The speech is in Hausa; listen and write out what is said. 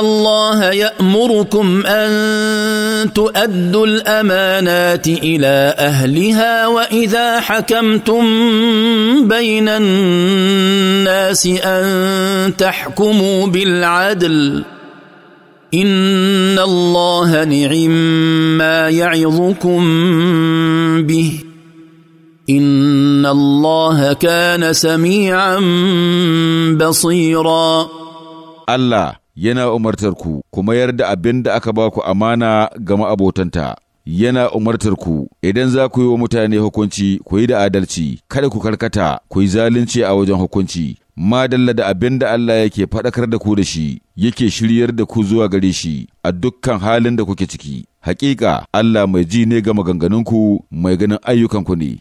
الله يامركم ان تؤدوا الامانات الى اهلها واذا حكمتم بين الناس ان تحكموا بالعدل ان الله نعم ما يعظكم به ان الله كان سميعا بصيرا الله yana umartar ku kuma yarda abin da aka ba ku amana ga ma'abotanta yana umartar ku idan za ku yi wa mutane hukunci ku yi da adalci kada ku karkata ku yi zalunci a wajen hukunci madalla da abin da Allah yake faɗakar da ku da shi yake shiryar da ku zuwa gare shi a dukkan halin da kuke ciki hakika Allah mai ji ne ga maganganunku mai ganin ayyukanku ne